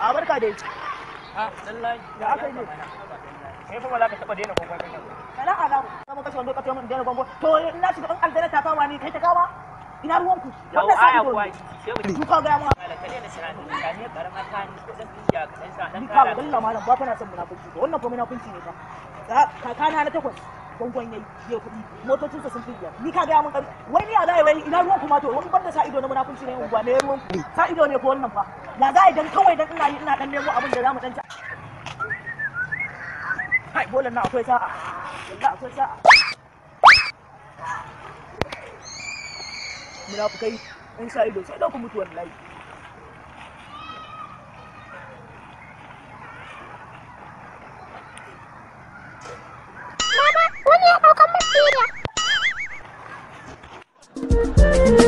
a barka da yake a lallai da aka yi ne sai ka taba daina kan kana ala kuma kace wanda ka taba daina to ina shiga ta fama ni kai ta kawa ina ruwan ku wannan sai ku sai ku ka ga mu ne zan iya ka san sa dan ka ga malam ba kana son munafiki wannan munafiki ne fa kakana na takwas gwangon yayi ya kuɗi motocinsa sun fi biyar ni ka gaya mun ƙarfi wai ni a zai wai ina ruwan kuma to wani banda sa ido na munafunci ne unguwa ne ruwan sa ido ne ko wannan fa na za a idan kawai dan ina yi ina dan nemo abin da zamu dan ci kai bolan na akwai sa'a wallahi akwai sa'a munafukai in sa ido sai da ku mutu wallahi Thank you.